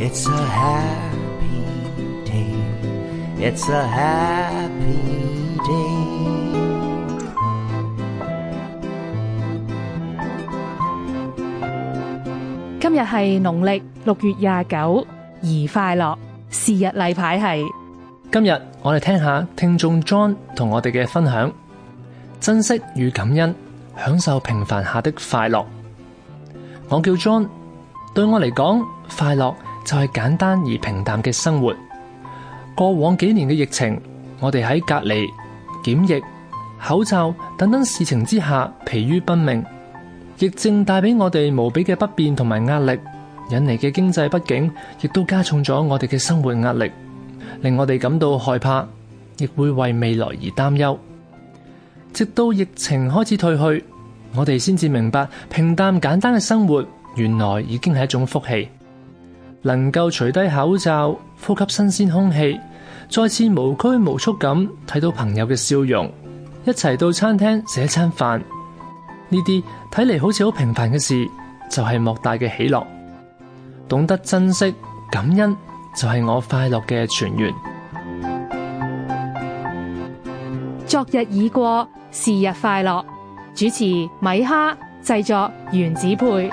It's a happy day It's a happy day 今日係農曆六月廿九宜快樂日禮是日例牌係今日我哋聽下聽眾 John 同我哋嘅分享珍惜與感恩享受平凡下的快樂我叫 John 對我嚟講快樂就係、是、簡單而平淡嘅生活。過往幾年嘅疫情，我哋喺隔離、檢疫、口罩等等事情之下疲於奔命，疫症帶俾我哋無比嘅不便同埋壓力，引嚟嘅經濟不景，亦都加重咗我哋嘅生活壓力，令我哋感到害怕，亦會為未來而擔憂。直到疫情開始退去，我哋先至明白平淡簡單嘅生活，原來已經係一種福氣。能夠除低口罩，呼吸新鮮空氣，再次無拘無束咁睇到朋友嘅笑容，一齊到餐廳食一餐飯，呢啲睇嚟好似好平凡嘅事，就係、是、莫大嘅喜樂。懂得珍惜、感恩，就係、是、我快樂嘅泉源。昨日已過，是日快樂。主持米哈，製作原子配。